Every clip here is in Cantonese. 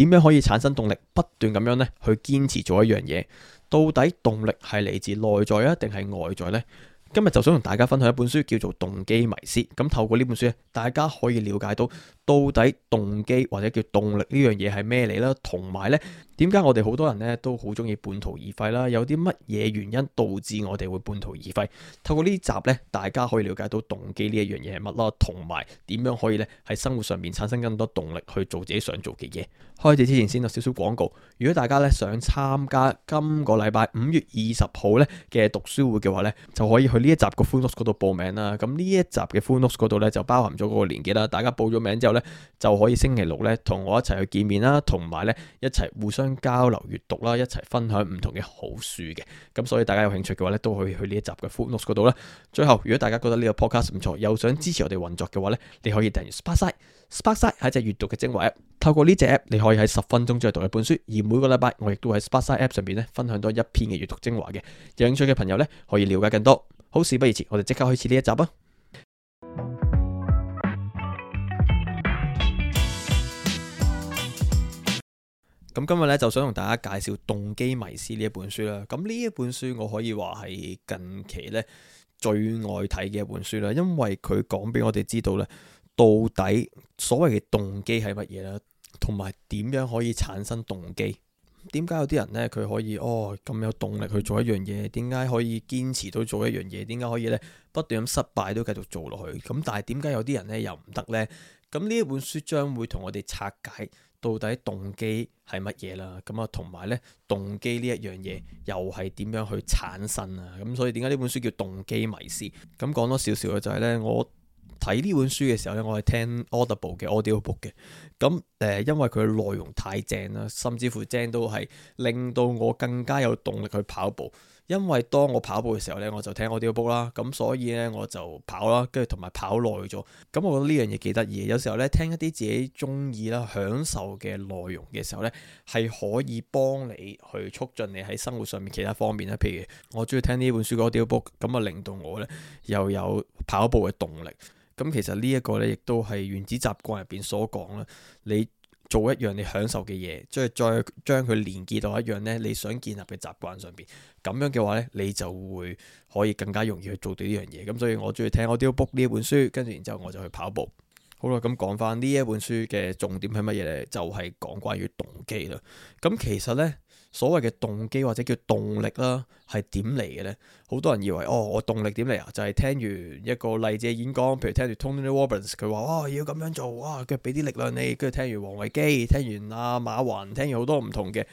點樣可以產生動力，不斷咁樣咧去堅持做一樣嘢？到底動力係嚟自內在啊，定係外在呢？今日就想同大家分享一本書，叫做《動機迷思》。咁透過呢本書咧，大家可以了解到。到底動機或者叫動力呢樣嘢係咩嚟啦？同埋呢，點解我哋好多人呢都好中意半途而廢啦？有啲乜嘢原因導致我哋會半途而廢？透過呢集呢，大家可以了解到動機呢一樣嘢係乜啦，同埋點樣可以呢喺生活上面產生更多動力去做自己想做嘅嘢。開始之前先有少少廣告，如果大家呢想參加今個禮拜五月二十號呢嘅讀書會嘅話呢，就可以去呢一集個 Full Notes 嗰度報名啦。咁呢一集嘅 Full Notes 嗰度呢，就包含咗嗰個年紀啦，大家報咗名之後呢。就可以星期六咧，同我一齊去見面啦，同埋咧一齊互相交流閱讀啦，一齊分享唔同嘅好書嘅。咁所以大家有興趣嘅話咧，都可以去呢一集嘅 Footnotes 嗰度啦。最後，如果大家覺得呢個 Podcast 唔錯，又想支持我哋運作嘅話咧，你可以訂閱 Sparksine。Sparksine 係一隻閱讀嘅精華 App，透過呢隻 App，你可以喺十分鐘之內讀一本書。而每個禮拜我亦都喺 Sparksine App 上邊咧，分享多一篇嘅閱讀精華嘅。有興趣嘅朋友咧，可以了解更多。好事不宜遲，我哋即刻開始呢一集啊！咁今日咧，就想同大家介紹《動機迷思》呢一本書啦。咁呢一本書我可以話係近期咧，最愛睇嘅一本書啦，因為佢講俾我哋知道咧，到底所謂嘅動機係乜嘢啦，同埋點樣可以產生動機？點解有啲人咧佢可以哦咁有動力去做一樣嘢？點解可以堅持到做一樣嘢？點解可以咧不斷咁失敗都繼續做落去？咁但係點解有啲人咧又唔得咧？咁呢一本書將會同我哋拆解。到底動機係乜嘢啦？咁啊，同埋呢，動機呢一樣嘢又係點樣去產生啊？咁所以點解呢本書叫《動機迷思》？咁講多少少嘅就係呢。我睇呢本書嘅時候呢，我係聽 Audible 嘅 Audio Book 嘅。咁、呃、誒，因為佢嘅內容太正啦，甚至乎正到係令到我更加有動力去跑步。因為當我跑步嘅時候咧，我就聽 audio book 啦，咁所以咧我就跑啦，跟住同埋跑耐咗，咁我覺得呢樣嘢幾得意。有時候咧聽一啲自己中意啦、享受嘅內容嘅時候咧，係可以幫你去促進你喺生活上面其他方面啦。譬如我中意聽呢本書架 audio book，咁啊令到我咧又有跑步嘅動力。咁其實呢一個咧亦都係原子習慣入邊所講啦，你。做一樣你享受嘅嘢，即係再將佢連結到一樣咧你想建立嘅習慣上邊，咁樣嘅話咧，你就會可以更加容易去做到呢樣嘢。咁所以我中意聽，我都要 book 呢本書，跟住然之後我就去跑步。好啦，咁講返呢一本書嘅重點係乜嘢咧？就係講關於動機啦。咁其實咧。所謂嘅動機或者叫動力啦，係點嚟嘅呢？好多人以為哦，我動力點嚟啊？就係、是、聽完一個勵志嘅演講，譬如聽完 Tony Robbins 佢話哇、哦、要咁樣做哇，跟住俾啲力量你，跟住聽完王維基，聽完阿、啊、馬雲，聽完好多唔同嘅誒、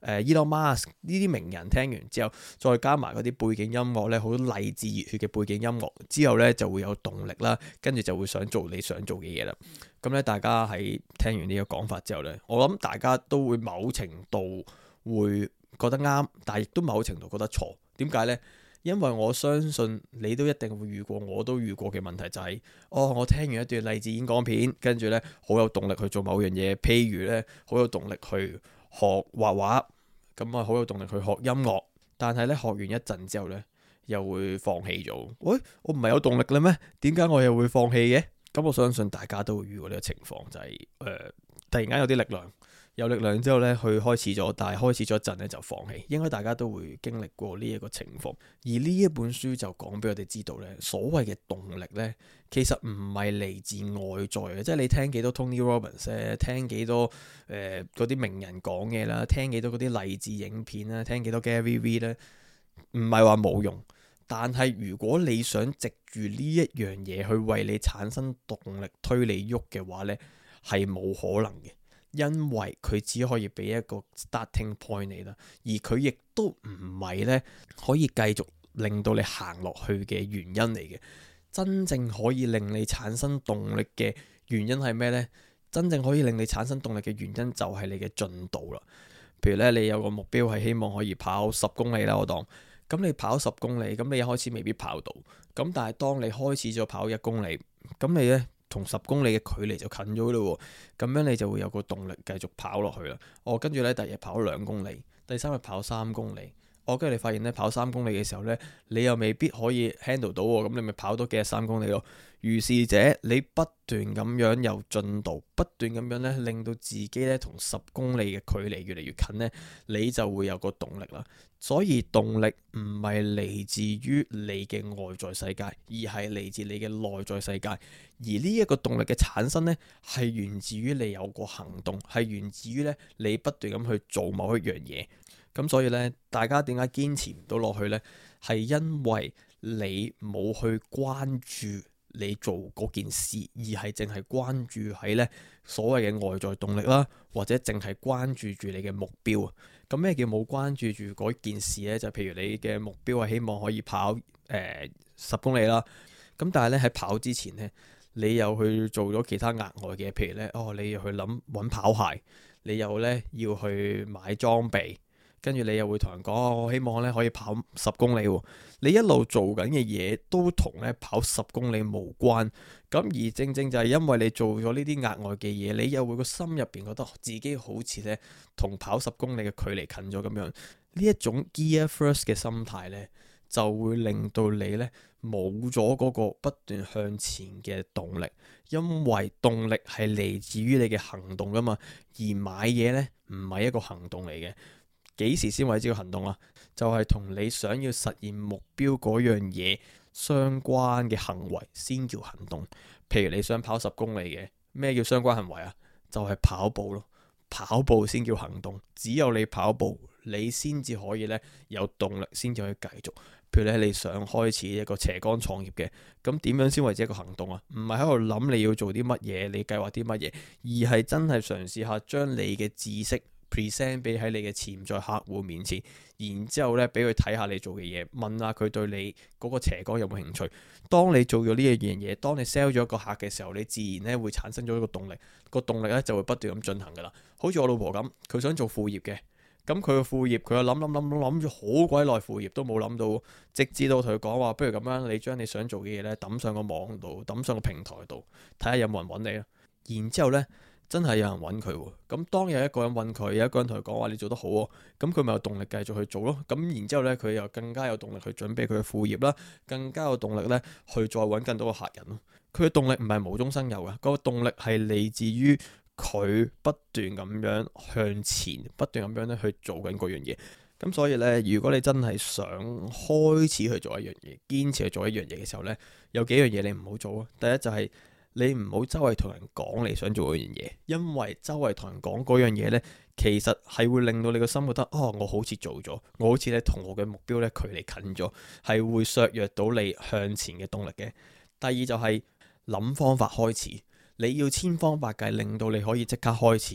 呃、，Elon Musk 呢啲名人聽完之後，再加埋嗰啲背景音樂咧，好勵志熱血嘅背景音樂之後咧，就會有動力啦，跟住就會想做你想做嘅嘢啦。咁、嗯、咧，大家喺聽完呢個講法之後咧，我諗大家都會某程度。會覺得啱，但係亦都某程度覺得錯。點解呢？因為我相信你都一定會遇過，我都遇過嘅問題就係，哦，我聽完一段勵志演講片，跟住呢，好有動力去做某樣嘢，譬如呢，好有動力去學畫畫，咁啊好有動力去學音樂，但係呢，學完一陣之後呢，又會放棄咗。喂，我唔係有動力啦咩？點解我又會放棄嘅？咁我相信大家都會遇過呢個情況，就係呃突然間有啲力量。有力量之後呢，佢開始咗，但係開始咗一陣咧就放棄。應該大家都會經歷過呢一個情況，而呢一本書就講俾我哋知道呢，所謂嘅動力呢，其實唔係嚟自外在嘅，即係你聽幾多 Tony Robbins 咧，聽幾多誒嗰啲名人講嘢啦，聽幾多嗰啲勵志影片啦，啊，聽幾多 Gary V 呢，唔係話冇用，但係如果你想藉住呢一樣嘢去為你產生動力推你喐嘅話呢，係冇可能嘅。因為佢只可以俾一個 starting point 你啦，而佢亦都唔係咧，可以繼續令到你行落去嘅原因嚟嘅。真正可以令你產生動力嘅原因係咩呢？真正可以令你產生動力嘅原因就係你嘅進度啦。譬如咧，你有個目標係希望可以跑十公里啦，我當咁你跑十公里，咁你一開始未必跑到，咁但係當你開始咗跑一公里，咁你呢。同十公里嘅距離就近咗咯喎，咁樣你就會有個動力繼續跑落去啦。哦，跟住呢，第二日跑兩公里，第三日跑三公里。我跟住你發現咧，跑三公里嘅時候呢，你又未必可以 handle 到喎，咁你咪跑多幾日三公里咯。於是者，你不斷咁樣有進度，不斷咁樣呢，令到自己呢同十公里嘅距離越嚟越近呢，你就會有個動力啦。所以動力唔係嚟自於你嘅外在世界，而係嚟自你嘅內在世界。而呢一個動力嘅產生呢，係源自於你有個行動，係源自於呢你不斷咁去做某一樣嘢。咁所以咧，大家點解堅持唔到落去呢？係因為你冇去關注你做嗰件事，而係淨係關注喺呢所謂嘅外在動力啦，或者淨係關注住你嘅目標。咁咩叫冇關注住嗰件事呢？就譬如你嘅目標係希望可以跑誒十公里啦。咁但係咧，喺跑之前呢，你又去做咗其他額外嘅，譬如咧哦，你又去諗揾跑鞋，你又咧要去買裝備。跟住你又會同人講，我、哦、希望咧可以跑十公里。你一路做緊嘅嘢都同咧跑十公里無關。咁而正正就係因為你做咗呢啲額外嘅嘢，你又會個心入邊覺得自己好似咧同跑十公里嘅距離近咗咁樣。呢一種 Gear First 嘅心態呢，就會令到你呢冇咗嗰個不斷向前嘅動力，因為動力係嚟自於你嘅行動噶嘛。而買嘢呢唔係一個行動嚟嘅。幾時先為之個行動啊？就係同你想要實現目標嗰樣嘢相關嘅行為先叫行動。譬如你想跑十公里嘅，咩叫相關行為啊？就係跑步咯，跑步先叫行動。只有你跑步，你先至可以呢，有動力，先至可以繼續。譬如你係你想開始一個斜槓創業嘅，咁點樣先為之一個行動啊？唔係喺度諗你要做啲乜嘢，你計劃啲乜嘢，而係真係嘗試下將你嘅知識。present 俾喺你嘅潛在客戶面前，然之後呢，俾佢睇下你做嘅嘢，問下佢對你嗰個斜槓有冇興趣。當你做咗呢樣嘢，當你 sell 咗一個客嘅時候，你自然呢會產生咗一個動力，個動力呢就會不斷咁進行噶啦。好似我老婆咁，佢想做副業嘅，咁佢嘅副業佢又諗諗諗諗諗咗好鬼耐，副業都冇諗到，直至到我同佢講話，不如咁樣，你將你想做嘅嘢呢，揼上個網度，揼上個平台度，睇下有冇人揾你啦。然之後呢。真係有人揾佢喎，咁當有一個人揾佢，有一個人同佢講話你做得好喎，咁佢咪有動力繼續去做咯。咁然之後呢，佢又更加有動力去準備佢嘅副業啦，更加有動力呢去再揾更多嘅客人咯。佢嘅動力唔係無中生有嘅，嗰個動力係嚟自於佢不斷咁樣向前，不斷咁樣咧去做緊嗰樣嘢。咁所以呢，如果你真係想開始去做一樣嘢，堅持去做一樣嘢嘅時候呢，有幾樣嘢你唔好做啊。第一就係。你唔好周圍同人講你想做嗰樣嘢，因為周圍同人講嗰樣嘢呢，其實係會令到你個心覺得，哦，我好似做咗，我好似咧同我嘅目標咧距離近咗，係會削弱到你向前嘅動力嘅。第二就係、是、諗方法開始，你要千方百計令到你可以即刻開始，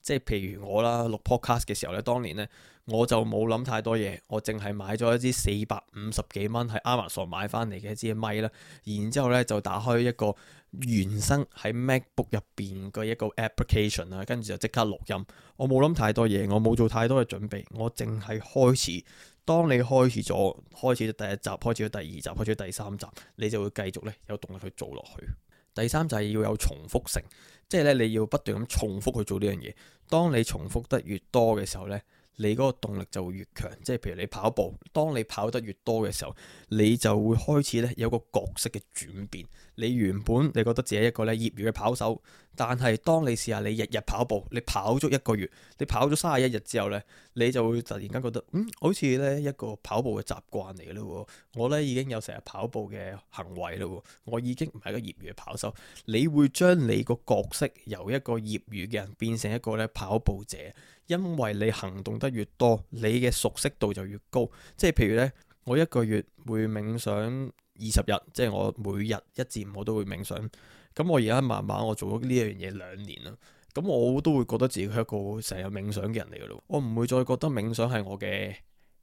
即係譬如我啦，錄 podcast 嘅時候呢，當年呢，我就冇諗太多嘢，我淨係買咗一支四百五十幾蚊喺 Amazon 買翻嚟嘅一支咪啦，然之後咧就打開一個。原生喺 MacBook 入邊嘅一個 application 啦，跟住就即刻錄音。我冇諗太多嘢，我冇做太多嘅準備，我淨係開始。當你開始咗，開始咗第一集，開始咗第二集，開始咗第三集，你就會繼續咧有動力去做落去。第三就係要有重複性，即係咧你要不斷咁重複去做呢樣嘢。當你重複得越多嘅時候咧。你嗰個動力就會越強，即係譬如你跑步，當你跑得越多嘅時候，你就會開始咧有個角色嘅轉變。你原本你覺得自己係一個咧業餘嘅跑手。但係當你試下你日日跑步，你跑足一個月，你跑咗三十一日之後呢，你就會突然間覺得，嗯，好似呢一個跑步嘅習慣嚟嘅咯。我呢已經有成日跑步嘅行為咯，我已經唔係一個業餘嘅跑手。你會將你個角色由一個業餘嘅人變成一個咧跑步者，因為你行動得越多，你嘅熟悉度就越高。即係譬如呢，我一個月會冥想二十日，即係我每日一至五我都會冥想。咁我而家慢慢我做咗呢一樣嘢兩年啦，咁我都會覺得自己係一個成日冥想嘅人嚟嘅咯，我唔會再覺得冥想係我嘅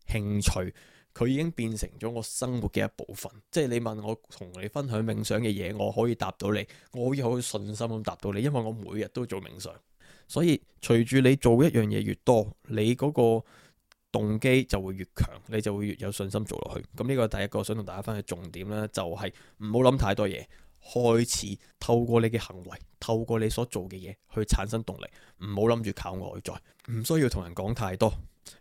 興趣，佢已經變成咗我生活嘅一部分。即係你問我同你分享冥想嘅嘢，我可以答到你，我有信心咁答到你，因為我每日都做冥想。所以隨住你做一樣嘢越多，你嗰個動機就會越強，你就會越有信心做落去。咁呢個第一個想同大家分享重點咧，就係唔好諗太多嘢。開始透過你嘅行為，透過你所做嘅嘢去產生動力，唔好諗住靠外在，唔需要同人講太多。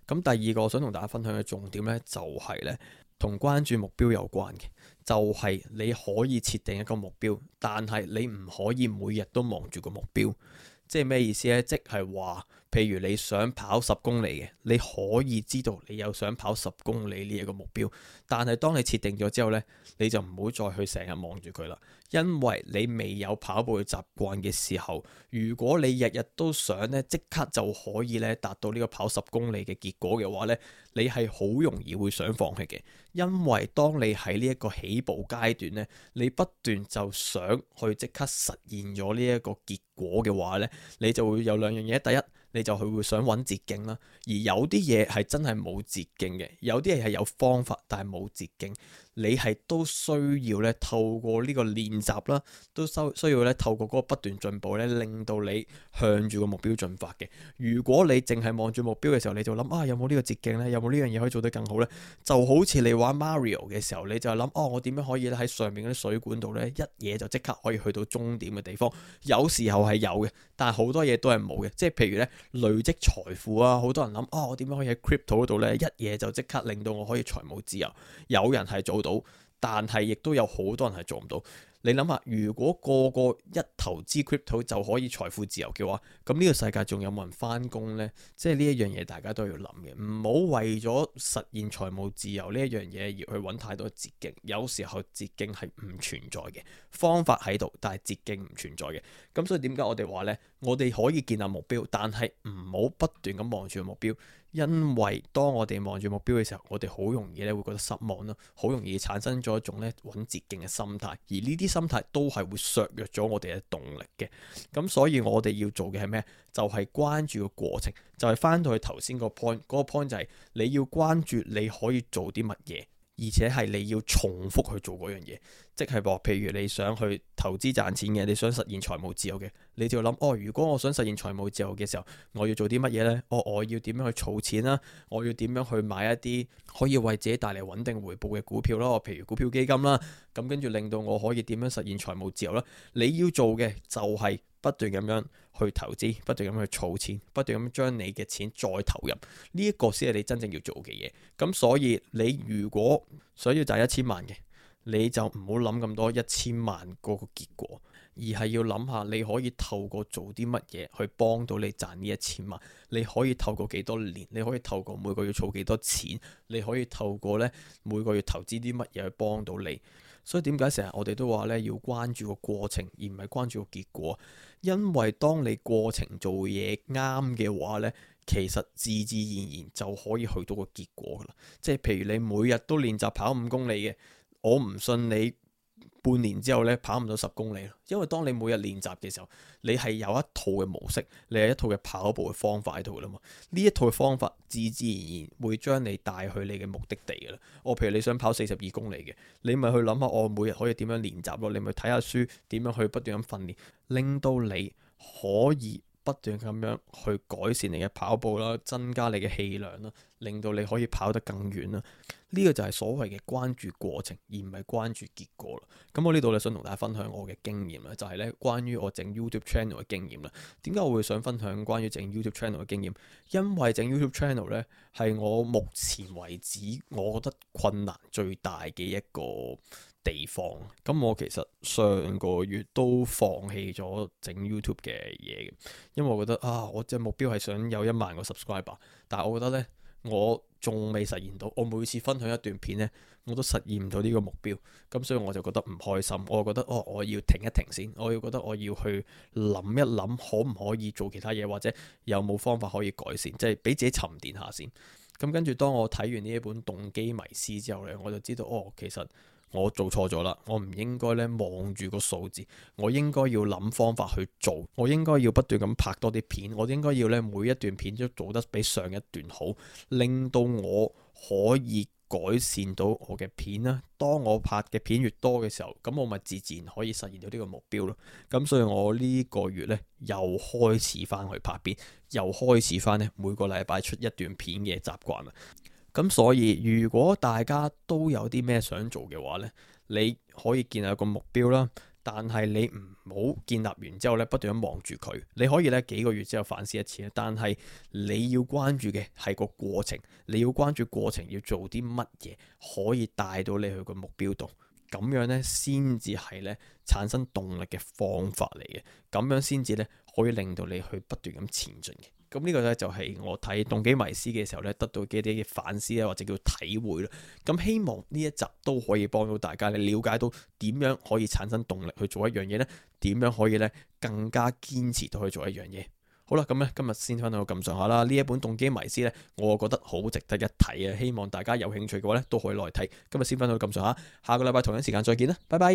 咁第二個想同大家分享嘅重點呢、就係，就係呢：同關注目標有關嘅，就係、係、你可以設定一個目標，但係你唔可以每日都望住個目標，即係咩意思呢？即係話。譬如你想跑十公里嘅，你可以知道你有想跑十公里呢一個目標，但係當你設定咗之後咧，你就唔好再去成日望住佢啦。因為你未有跑步嘅習慣嘅時候，如果你日日都想咧即刻就可以咧達到呢個跑十公里嘅結果嘅話咧，你係好容易會想放棄嘅。因為當你喺呢一個起步階段咧，你不斷就想去即刻實現咗呢一個結果嘅話咧，你就會有兩樣嘢，第一。你就佢會想揾捷徑啦，而有啲嘢係真係冇捷徑嘅，有啲嘢係有方法，但係冇捷徑。你係都需要咧透過呢個練習啦，都收需要咧透過嗰個不斷進步咧，令到你向住個目標進發嘅。如果你淨係望住目標嘅時候，你就諗啊，有冇呢個捷徑咧？有冇呢樣嘢可以做得更好咧？就好似你玩 Mario 嘅時候，你就係諗哦，我點樣可以咧喺上面嗰啲水管度咧一嘢就即刻可以去到終點嘅地方？有時候係有嘅，但係好多嘢都係冇嘅。即係譬如咧累積財富啊，好多人諗哦、啊，我點樣可以喺 Crypto 嗰度咧一嘢就即刻令到我可以財務自由？有人係做到。但係亦都有好多人係做唔到。你諗下，如果個個一投資 crypto 就可以財富自由嘅話，咁呢個世界仲有冇人翻工呢？即係呢一樣嘢，大家都要諗嘅。唔好為咗實現財務自由呢一樣嘢而去揾太多捷徑。有時候捷徑係唔存在嘅，方法喺度，但係捷徑唔存在嘅。咁所以點解我哋話呢？我哋可以建立目標，但係唔好不斷咁望住目標。因為當我哋望住目標嘅時候，我哋好容易咧會覺得失望咯，好容易產生咗一種咧揾捷徑嘅心態，而呢啲心態都係會削弱咗我哋嘅動力嘅。咁所以我哋要做嘅係咩？就係、是、關注個過程，就係、是、翻到去頭先個 point，嗰個 point 就係你要關注你可以做啲乜嘢，而且係你要重複去做嗰樣嘢。即係話，譬如你想去投資賺錢嘅，你想實現財務自由嘅，你就諗哦，如果我想實現財務自由嘅時候，我要做啲乜嘢呢？哦，我要點樣去儲錢啦？我要點樣去買一啲可以為自己帶嚟穩定回報嘅股票囉，譬如股票基金啦，咁跟住令到我可以點樣實現財務自由啦？你要做嘅就係不斷咁樣去投資，不斷咁去儲錢，不斷咁將你嘅錢再投入，呢一個先係你真正要做嘅嘢。咁所以你如果想要賺一千萬嘅，你就唔好諗咁多一千萬嗰個結果，而係要諗下你可以透過做啲乜嘢去幫到你賺呢一千萬。你可以透過幾多年，你可以透過每個月儲幾多錢，你可以透過呢每個月投資啲乜嘢去幫到你。所以點解成日我哋都話呢要關注個過程，而唔係關注個結果？因為當你過程做嘢啱嘅話呢，其實自自然然就可以去到個結果噶啦。即係譬如你每日都練習跑五公里嘅。我唔信你半年之後咧，跑唔到十公里咯，因為當你每日練習嘅時候，你係有一套嘅模式，你係一套嘅跑步嘅方法喺度啦嘛。呢一套嘅方法自自然然會將你帶去你嘅目的地噶啦。我譬如你想跑四十二公里嘅，你咪去諗下我每日可以點樣練習咯，你咪睇下書點樣去不斷咁訓練，令到你可以。不斷咁樣去改善你嘅跑步啦，增加你嘅氣量啦，令到你可以跑得更遠啦。呢個就係所謂嘅關注過程，而唔係關注結果啦。咁我呢度咧想同大家分享我嘅經驗啦，就係咧關於我整 YouTube channel 嘅經驗啦。點解我會想分享關於整 YouTube channel 嘅經驗？因為整 YouTube channel 咧係我目前為止我覺得困難最大嘅一個，地方咁，我其實上個月都放棄咗整 YouTube 嘅嘢，因為我覺得啊，我嘅目標係想有一萬個 subscriber，但係我覺得呢，我仲未實現到。我每次分享一段片呢，我都實現唔到呢個目標，咁所以我就覺得唔開心。我覺得哦，我要停一停先，我要覺得我要去諗一諗，可唔可以做其他嘢，或者有冇方法可以改善，即係俾自己沉澱下先。咁跟住，當我睇完呢一本《動機迷思》之後呢，我就知道哦，其實，我做錯咗啦，我唔應該咧望住個數字，我應該要諗方法去做，我應該要不斷咁拍多啲片，我應該要咧每一段片都做得比上一段好，令到我可以改善到我嘅片啦。當我拍嘅片越多嘅時候，咁我咪自然可以實現到呢個目標咯。咁所以我呢個月咧又開始返去拍片，又開始返咧每個禮拜出一段片嘅習慣啦。咁所以如果大家都有啲咩想做嘅話呢，你可以建立一個目標啦，但係你唔好建立完之後呢，不斷咁望住佢，你可以呢幾個月之後反思一次，但係你要關注嘅係個過程，你要關注過程要做啲乜嘢可以帶到你去個目標度，咁樣呢，先至係呢產生動力嘅方法嚟嘅，咁樣先至呢，可以令到你去不斷咁前進嘅。咁呢個咧就係我睇《動機迷思》嘅時候咧，得到嘅一啲嘅反思咧，或者叫體會啦。咁希望呢一集都可以幫到大家，你了解到點樣可以產生動力去做一樣嘢呢？點樣可以咧更加堅持去做一樣嘢？好啦，咁咧今日先分享到咁上下啦。呢一本《動機迷思》咧，我覺得好值得一睇啊！希望大家有興趣嘅話咧，都可以嚟睇。今日先分享到咁上下，下個禮拜同樣時間再見啦，拜拜。